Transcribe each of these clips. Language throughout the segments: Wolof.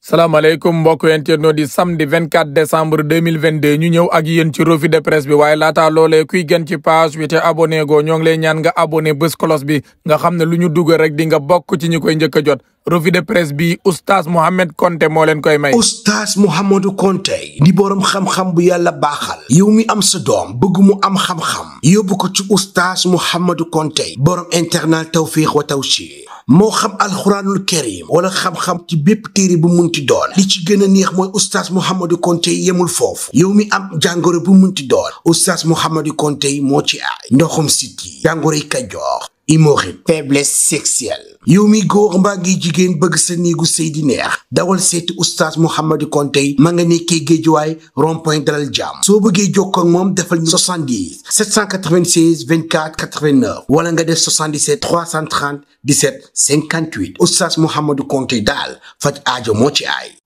salaamaaleykum mbokk internet di samedi 24 décembre 2022 ñu ñëw ak yéen ci revue de presse bi waaye laataa loolee kuy gën ci page bi te abonné go ñoo ngi lay ñaan nga abonné bés cloche bi nga xam ne lu ñu dugal rek di nga bokk ci ñu koy njëkk jot revue de presse bi oustaz Mohamed Konté moo leen koy may. oustaz Mohamedou Konté. di borom xam-xam bu yàlla baaxal. yow mi am sa doom bëgg mu am xam-xam. yóbbu ko ci oustaz Mohamedou Konté. borom internal tawfiq wa tawsir moo xam alxuraanul karim wala xam-xam ci bépp téere bu munti doon li ci gën a neex mooy oustaz Mouhamadou Konté yemul foofu yow mi am jàngoro bu munti doon oustaz Mouhamadou Konté moo ci aay ndoxum si sikki jàngoroy Kajoor hémorroïde faiblesse sexuelle yow mi góor mbaa ngi jigéen bëgg sa néegu sëy di neex dawal seeti oustaz Mouhamadou Konté ma nga nekkee géejuwaay rond-point dalal jàmm soo bëggee jokkoo ak moom defal ñu 70 796 24 89 wala nga def 77 330 17 58 oustaz Mouhamadou Konté daal faj aajo moo ci aay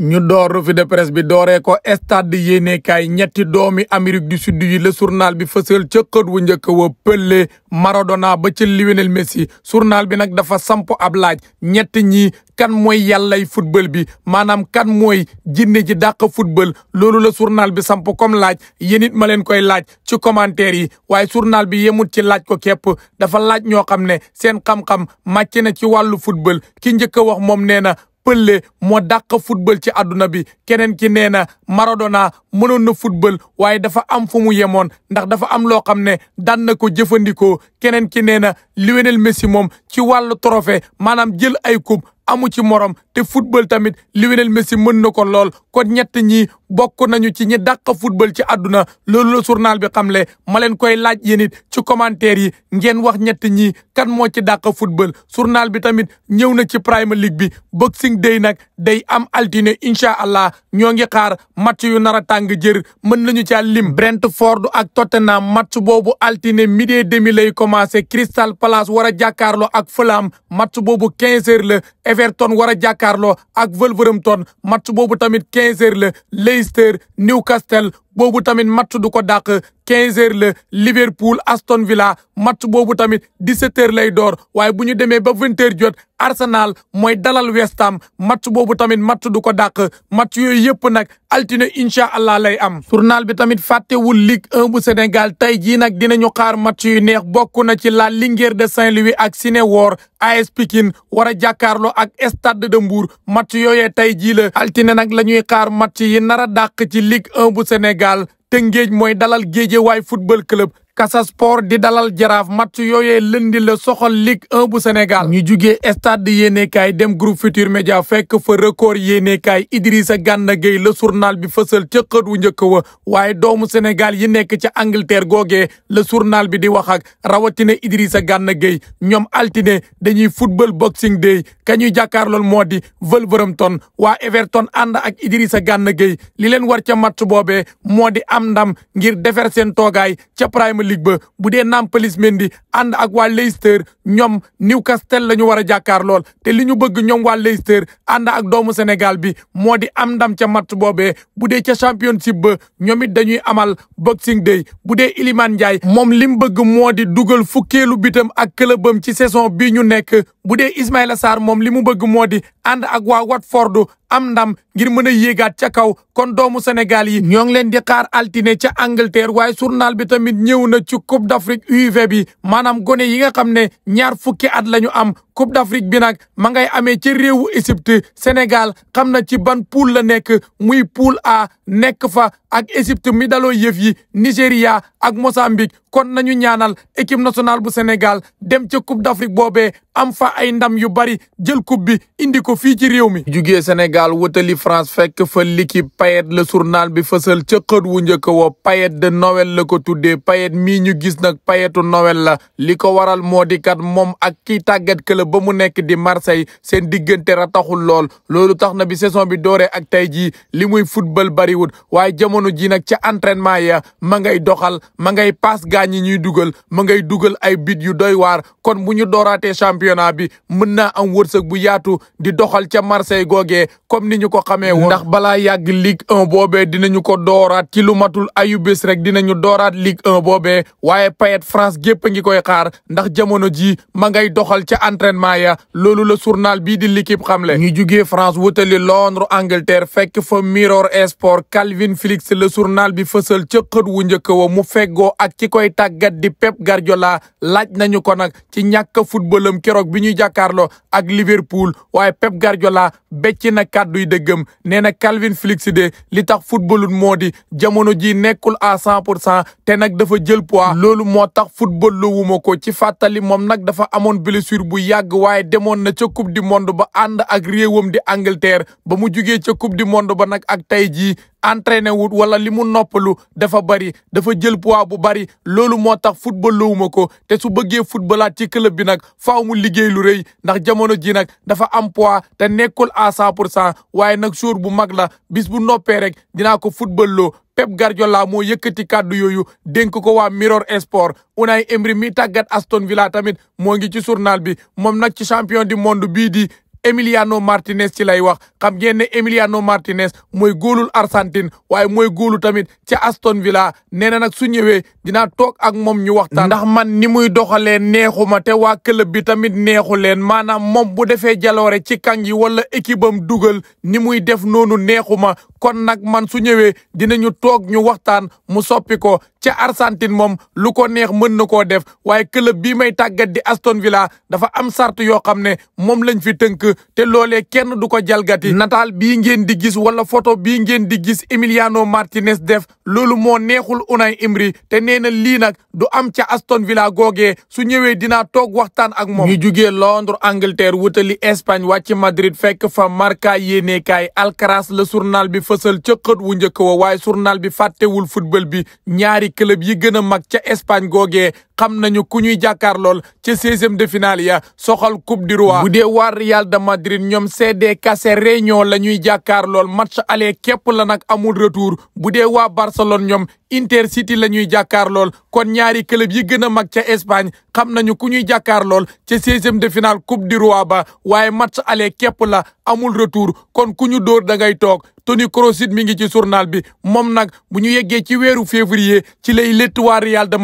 ñu door revue de presse bi dooree ko stade di yéenekaay ñetti doomi Amérique du Sud yi la journal bi fësal ca xët wu njëkk wa Pelé Maradona ba ca Lionel Messi surnal bi nag dafa sampo ab laaj ñetti ñi kan mooy yàllay football bi maanaam kan mooy jinne ji dàq football loolu la surnal bi sampo comme laaj yéen it ma leen koy laaj ci commentaire yi waaye journal bi yemut ci laaj ko képp dafa laaj ñoo xam ne seen xam-xam màcc na ci wàllu football ki njëkk wax moom nee na Pelé moo dàq football ci àdduna bi keneen ki nee na Maradona mënoon na football waaye dafa am fu mu yemoon ndax dafa am loo xam ne daan na ko jëfandikoo keneen ki nee na Lionel Messi moom ci wàllu trophée maanaam jël ay coupe amu ci morom te football tamit Lionel Messi mën na ko lool kon ñett ñi bokk nañu ci ñi dàq football ci àdduna loolu la journal bi xamle ma leen koy laaj yéen it ci commentaire yi ngeen wax ñett ñi kan moo ci dàq football journal bi tamit ñëw na ci Premier League bi Boxing Day nak day am altine incha allah ñoo ngi xaar match yu nar a tàng jër mën nañu caa lim ford ak Tottenham match boobu altine midi et demi lay commencé Crystal Palace war a jàkkaarloo ak Fulham match boobu 15h la Everton war a jàkkaarloo ak Wolverhampton match boobu tamit 15h la Leicester Newcastle boobu tamit match du ko dàq quinze heures la Liverpool Aston Villa match boobu tamit dix-sept lay door waaye bu ñu demee ba vingt heures jot Arsenal mooy dalal West Ham match boobu tamit match du ko dàq match yooyu yëpp nag altine incha allah lay am. journal bi tamit fàttewul Ligue 1 bu Sénégal tey jii nag dinañu xaar match yu neex bokk na ci la Linguère de Saint-Louis ak Sinéwor AS Pikine war a jàkkaarloo ak Stade de Mbour match yooyee tey jii la altine nag la ñuy xaar match yi nar a dàq ci Ligue bu Sénégal. Sénégal Tëngéej mooy dalal Géejawaay football club Casa Sport di dalal jaraaf match yooyee lëndi la soxal Ligue 1 bu Sénégal ñu jugee stade yéenekaay dem groupe Futur Média fek fa record yéenekaay Idrissa Gana Gueye la journal bi fësal ca xët wu njëkk wa waaye doomu Sénégal yi nekk ca Angleterre googee la sournal bi di wax ak rawatina Idrissa Gana Gueye ñoom altine dañuy football boxing day ka ñuy jàkkaarlool moo di Wolverhampton waa Everton ànd ak Idrissa Gana Gueye li leen war ca match boobee moo di am ndam ngir defar seen toogaay ca Premier League ba bu dee Nampalys Mendy ànd ak waa Leicester ñoom Newcastle la ñu war a jàkkaar li ñu bëgg ñoom waa ànd ak doomu Sénégal bi moo di am ca match boobee bu dee ca championship ba ñoom it dañuy amal boxing bu dee Iliman moom li mu bëgg moo di dugal fukkeelu bitam ak clubam ci saison bi ñu nekk bu dee Ismaïla Sarr moom li mu bëgg moo di ànd ak waa Watford am ndam ngir mën a yéegaat ca kaw kon doomu Sénégal yi ñoo ngi leen di xaar altine ca Angleterre waaye journal bi tamit ñëw na ci Coupe d'Afrique UV bi maanaam gone yi nga xam ne ñaar fukki at lañu am coupe d'Afrique bi nag ma ngay amee ci réew Égypte Sénégal xam na ci ban poule la nekk muy poule A nekk fa ak Égypte mi dalo yëf yi Nigéria ak Mozambique kon nañu ñaanal équipe nationale bu Sénégal dem ca coupe d'Afrique boobee am fa ay ndam yu bari jël coupe bi indi ko fii ci réew mi. jugee Sénégal wutali France fekk fa l'équipe Payet le journal bi fësal ca xët wu njëkk woo Payet de Noël la ko tuddee Payet mii ñu gis nag Payetu Noël la li ko waral moo kat moom ak kii tàggat club ba mu nekk di Marseille seen diggante rataxul lool loolu tax na bi saison bi dooree ak tey jii li muy football bariwul waaye jamono ji nag ca entraînement ya ma ngay doxal ma ngay paas gaañ yi ñuy dugal ma ngay dugal ay bit yu doy waar kon bu ñu dooraatee championnat bi mën na am wërsëg bu yaatu di doxal ca Marseille googee comme ni ñu ko xamee woon ndax balaa yàgg Ligue boobe dina ñu ko dooraat ci lu matul ayu bés rek dinañu dooraat Ligue 1 boobee waaye Payet France ma ya loolu la surnal bii di xam xamle ñu jugee France wutali Londres Angleterre fekk fa Mirror Sport Calvin Phillips le journal bi fësal ca xët wu njëkk wa mu feggoo ak ci koy tàggat di Pep Guardiola laaj nañu ko nag ci ñàkk footballam keroog bi ñuy jàkkaarloo ak Liverpool waaye Pep Guardiola becci na kàdduy dëggam nee na Calvin Phillips de li tax footballul moo di jamono ji nekkul à cent pour cent te nag dafa jël poids loolu moo tax football lu wuma ko ci fàttali moom nag dafa amoon blessure bu yàgg yàgg waaye demoon na ca coupe du monde ba ànd ak réewam di Angleterre ba mu jugee ca coupe du monde ba nag ak tey jii entraîné wut wala li mu noppalu dafa bari dafa jël poids bu bari loolu moo tax football lowuma ko te su bëggee footballaat ci club bi nag faaw mu liggéey lu rëy ndax jamono ji nag dafa am poids te nekkul à cent pour cent nag jour bu mag la bis bu noppee rek dinaa ko football loo garjo Guardiola moo yëkkati kàddu yooyu dénk ko waa Mirror Sport Unai Emery mi tàggat Aston Villa tamit moo ngi ci journal bi moom nag ci champion du monde bii di Emiliano Martinez ci lay wax xam ngeen ne Emiliano Martinez mooy góolul Argentine waaye mooy góolu tamit ci Aston Villa nee na nag su ñëwee dinaa toog ak moom ñu waxtaan. ndax man ni muy doxalee neexuma te waa club bi tamit neexu leen maanaam moom bu defee jaloore ci kàng yi wala équipe dugal ni muy def noonu neexuma kon nag man su ñëwee dinañu toog ñu waxtaan mu soppi ko ca arsantine moom lu ko neex mën na koo def waaye club bii may tàggat di Aston Villa dafa am sart yoo xam ne moom lañ fi tënk te loolee kenn du ko jalgati. nataal bii ngeen di gis wala photo bii ngeen di gis Emiliano Martinez def loolu moo neexul Unai Emery te nee na lii nag du am ca Aston Villa googee su ñëwee dinaa toog waxtaan ak moom. ñu jugee Londres Angleterre wutali Espagne wàcc Madrid fekk fa Marca yéenekaay Alcaraz la surnal bi fësal ca wu njëkk wa waaye journal bi fàttewul football bi ñaari ñaari club yi gën a mag ca Espagne googee xam nañu ku ñuy jàkkaar lool ca seizième de finale ya soxal coupe du roi bu dee waa Real de Madrid ñoom CD Cacereño la ñuy jàkkaar lool match aller képp la nag amul retour bu dee waa Barcelone ñoom Inter City la ñuy jàkkaar lool kon ñaari club yi gën a mag ca Espagne xam nañu ku ñuy jàkkaar lool ca seizième de finale coupe du roi ba waaye match aller képp la amul retour kon ku ñu dóor da ngay toog Toni Kroos mi ngi ci journal bi moom nag bu ñu yeggee ci weeru février ci lay létt waa Real de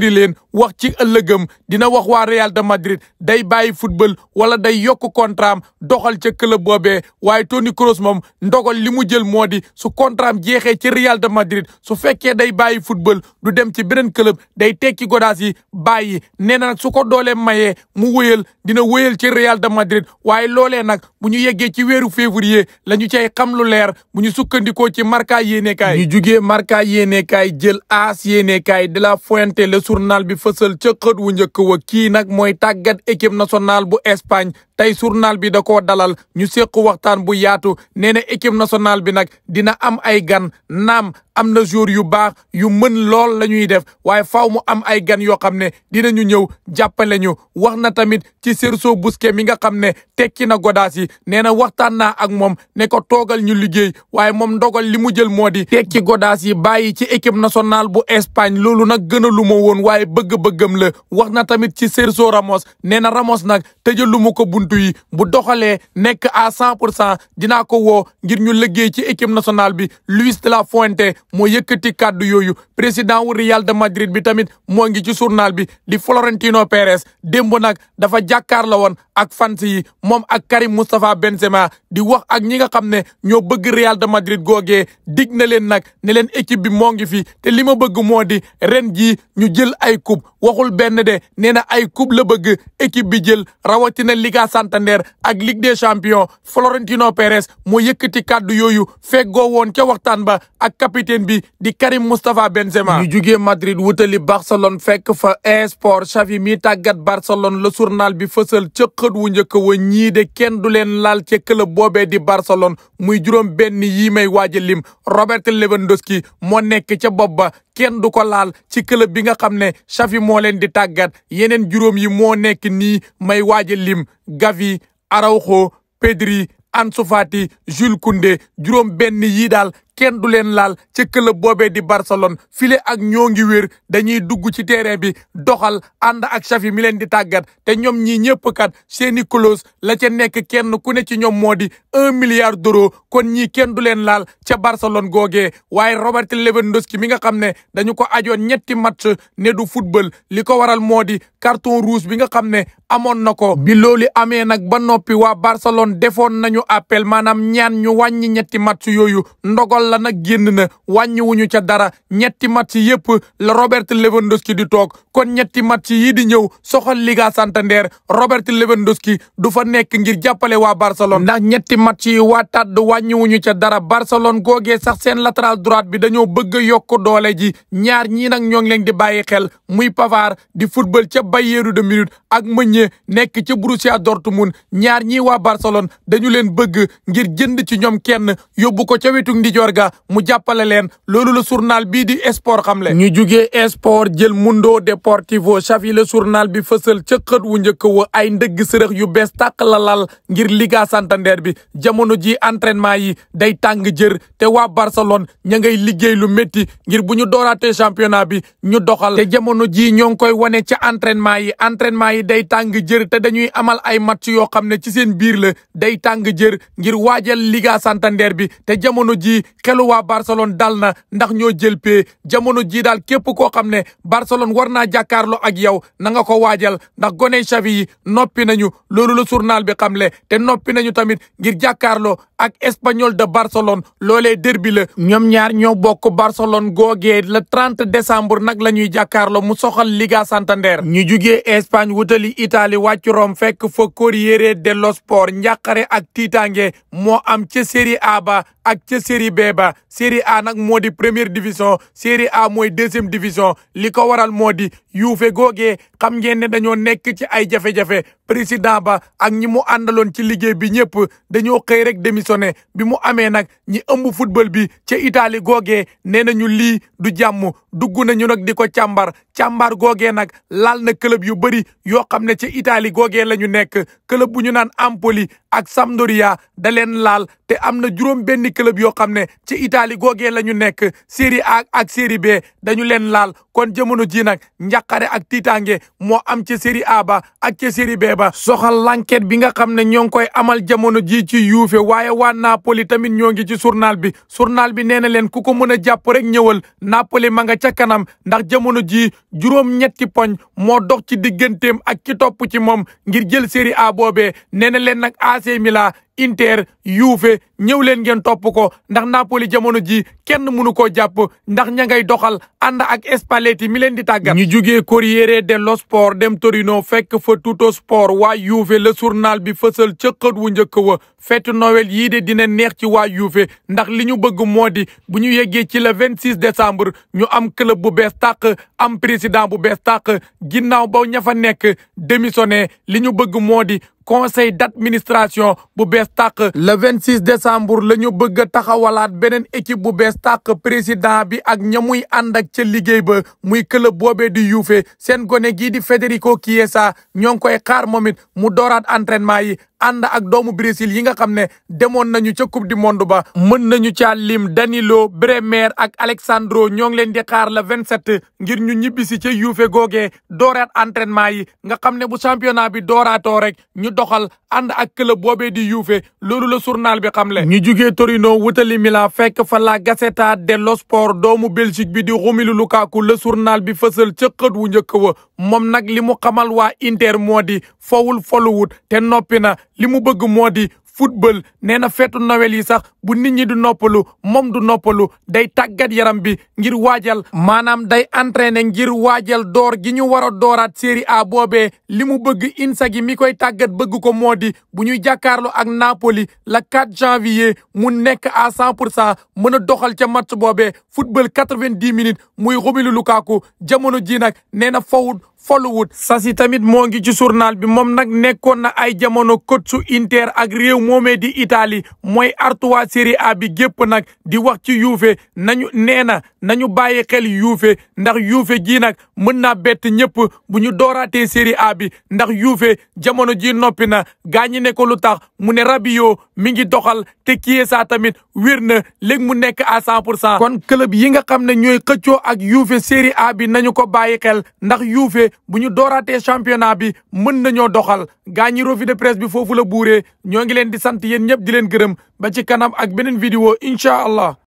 firi leen wax ci ëllëgëm dina wax waa Real de Madrid day bàyyi football wala day yokk contrat am doxal ca club boobee waaye Toni Kroos moom ndogal li mu jël moo di su contrat am jeexee ci Real de Madrid su fekkee day bàyyi football du dem ci beneen club day tekki godaas yi bàyyi nee na nag su ko doole mayee mu wéyal dina wéyal ci Real de Madrid waaye loole nag bu ñu yeggee ci weeru février la ñu cay xam lu leer bu ñu sukkandikoo ci Marca yéenekaay ñu jugee Marca yéenekaay jël AS yéenekaay de la Fuente le journal bi fësal ca xët wu njëkk wa kii nag mooy tàggat équipe nationale bu Espagne tey journal bi da koo dalal ñu séq waxtaan bu yaatu nee na équipe national bi nag dina am ay gan naam am na jour yu baax yu mën lool la ñuy def waaye faw mu am ay gan yoo xam ne dinañu ñëw jàppale ñu wax na tamit ci Serge Busquets mi nga xam ne tekki na godaas yi nee na waxtaan naa ak moom ne ko toogal ñu liggéey waaye moom ndogal li mu jël moo di tekki godaas yi bàyyi ci équipe nationale bu Espagne loolu nag gën a lu ma woon waaye bëgg-bëggam wax na tamit ci Sergio Ramos nee na Ramos nag tëjalu ma ko bunt buntu yi bu doxalee nekk à cent pour cent dinaa ko woo ngir ñu liggéey ci équipe nationale bi Luis de la Fuente moo yëkkati kàddu yooyu président wu Real de Madrid bi tamit moo ngi ci journal bi di Florentino Pérez démb nag dafa jàkkaar la woon ak fans yi moom ak Karim Moustapha Benzema di wax ak ñi nga xam ne ñoo bëgg Real de Madrid googee dig na leen nag ne leen équipe bi moo ngi fi te li bëgg moo di ren ji ñu jël ay coupe waxul benn de nee na ay coupe la bëgg équipe bi jël Santander ak Ligue des champions Florentino Pérez moo yëkkati kàddu yooyu feggoo woon ca waxtaan ba ak capitaine bi di Karim Moustapha Benzema. ñu jugee Madrid wutali Barcelone fekk fa esport Xavi mi tàggat Barcelone le journal bi fësal ca xët wu njëkk wa ñii de kenn du leen laal ca club boobee di Barcelone muy juróom benn yi may waaj a lim Robert Lewandowski moo nekk ca bopp ba kenn du ko laal ci club bi nga xam ne Xavi moo len di tàggat yeneen juróom yi moo nekk nii Gavi Araujo Pedri Ansu Fati Jules Koundé juróom yii daal kenn du leen laal ca club boobee di Barcelone file ak ñoo ngi wér dañuy dugg ci terrain bi doxal ànd ak chafi mi di tàggat te ñoom ñii ñëpp kat seeni clause la ca nekk kenn ku ne ci ñoom moo di un milliard d'euros kon ñii kenn du leen laal ca Barcelone googee waaye Robert Lewandowski mi nga xam ne dañu ko ajoon ñetti match ne du football li ko waral moo di carton rouge bi nga xam ne amoon na ko bi loolu amee nag ba noppi waa Barcelone defoon nañu appel maanaam ñaan ñu wàññi ñetti match yooyu yàlla nag génn na wàññiwuñu ca dara ñetti mat match yépp la Robert Lewandowski di toog kon ñetti match yi di ñëw soxal Liga Santander Robert Lewandowski du fa nekk ngir jàppale waa Barcelone ndax ñetti match yi waa tàdd wàññiwuñu ca dara Barcelone googee sax seen latéral droite bi dañoo bëgg a yokk doole ji ñaar ñii nag ñoo ngi leen di bàyyi xel muy Pavard di football ca Bayern de Munich ak Meunier nekk ca dort Dortmund ñaar ñii waa Barcelone dañu leen bëgg ngir jënd ci ñoom kenn yóbbu ko ca wetu ndijoor ga ga mu jàppale leen loolu la journal bii di sport xamle ñu jugee sport jël Mundo Deportivo Xavi la journal bi fësal ca xët wu njëkk wa ay ndëgg sërëx yu bees tàq la ngir Liga Santander bi jamono ji entraînement yi day tàng jër te waa Barcelone ña ngay liggéey lu métti ngir bu ñu dooraatee championnat bi ñu doxal jamono ji ñoo ngi koy wane ca entraînement yi entraînement yi day tàng jër te dañuy amal ay match yoo xam ne ci seen biir la day tàng jër ngir waajal Liga Santander bi te jamono xelu waa Barcelone dal na ndax ñoo jël pee jamono jii daal képp koo xam ne Barcelone war naa jàkkaarloo ak yow na nga ko waajal ndax gone Xavi yi noppi nañu loolu la journal bi xamle te noppi nañu tamit ngir jàkkaarloo ak Espagnol de Barcelone loolee derbi la ñaar ñoo bokk Barcelone googee le 30 décembre nag la ñuy jàkkaarloo mu soxal Liga Santander ñu jugee Espagne wutali Italie wàcc Rome fekk fa Corriere dello Sport njàqare ak tiitaange moo am ca Serie A ak ca Serie B bëree ba série A nag moo di première division série A mooy deuxième division li ko waral moo di yuufe googee xam ngeen ne dañoo nekk ci ay jafe-jafe président ba ak ñi mu àndaloon ci liggéey bi ñëpp dañoo xëy rek démissionné bi mu amee nag ñi ëmb football bi ci itali googee nee nañu lii du jàmm dugg nañu nag di ko càmbar càmbar googee nag laal na club yu bëri yoo xam ne ca Italie la ñu nekk club bu ñu naan Empoli ak Sampdoria da leen laal te am na juróom benn yoo xam ne ci Italie googee la ñu nekk Série A ak Série B dañu leen laal kon jamono ji nag njàqare ak tiitaange moo am ca série A ba ak ca série soxal l'enquête bi nga xam ne ñoo ngi koy amal jamono ji ci yuufe waaye waa Napoli tamit ñoo ngi ci journal bi journal bi nee na leen ku ko mën a jàpp ñëwal Napoli ma nga ca kanam ndax jamono jii juróom-ñetti poñ moo dox ci digganteem ak ki topp ci moom ngir jël série A boobee nee na leen nag AC Milan Inter Juve ñëw leen ngeen topp ko ndax Napoli jamono ji kenn mënu koo jàpp ndax ña ngay doxal ànd ak Spalletti mi leen di tàggat. ñu jugee Corriere dello Sport dem Torino fekk fa Tuttosport waa Juve le journal bi fësal ca wu njëkk wa fête Noël yii de dina neex ci waa Juve ndax li ñu bëgg moo di bu ñu yeggee ci la vingt six décembre ñu am club bu bees tàq am président bu bees tàq ginnaaw ba ña fa nekk démissionné li ñu bëgg moo di. conseil d'administration bu bees tàq le 26 décembre la ñu bëgg a taxawalaat beneen équipe bu bees tàq président bi ak ñamuy muy ànd ak ca liggéey ba muy club boobee di yuufe seen gone gii di Federico Chiesa ñoo ngi koy xaar moom mu dooraat entraînement yi ànd ak doomu Brésil yi nga xam ne demoon nañu ca coupe du monde ba mën nañu caa lim Danilo Bremer ak Alexandro ñoo ngi leen di xaar la le 27 ngir ñu ñibbisi ca yuufe googee dooraat entraînement yi nga xam ne bu championnat bi dooraatoo doxal ànd ak club boobee di Juve loolu la journal bi xamle. ñu jugee Torino wutali Milan fekk fa gaseta dello Sport doomu Belgique bi di Romelu Lukaku la journal bi fësal ca wu njëkk wa moom nag li mu xamal waa Inter moo di fowul foluwut te noppi na li mu bëgg moo di football nee na feetu Noël yi sax bu nit ñi du noppalu moom du noppalu day tàggat yaram bi ngir waajal maanaam day entraîner ngir waajal door gi ñu war a dooraat série A boobe li mu bëgg Inzaghi mi koy tàggat bëgg ko moo di bu ñuy jàkkaarloo ak Napoli la 4 janvier mun nekk à 100 pour cent mën a doxal ca boobe boobee football 90 minutes muy Romelu Lukaku jamono ji nag nee na fawut Folwood Sassi tamit moo ngi ci journal bi moom nag nekkoon na ay jamono coach su Inter ak réew moome di itali mooy artuwaa séri A bi gépp nag di wax ci Juve nañu nee na nañu bàyyi xel Juve ndax Juve ji nag mën naa bett ñëpp bu ñu dooraatee séri A bi ndax Juve jamono ji noppi na gaa ñi ne ko lu tax mu ne Rabiot mi ngi doxal te sa tamit wér na léegi mu nekk à cent pour cent kon club yi nga xam ne ñooy xëccoo ak Juve Serie A bi nañu ko bàyyi xel ndax Juve bu ñu dooraatee championnat bi mën nañoo doxal gaa ñi revue de presse bi foofu la buuree ñoo ngi leen di sant yéen ñëpp di leen gërëm ba ci kanam ak beneen vidéo incha allah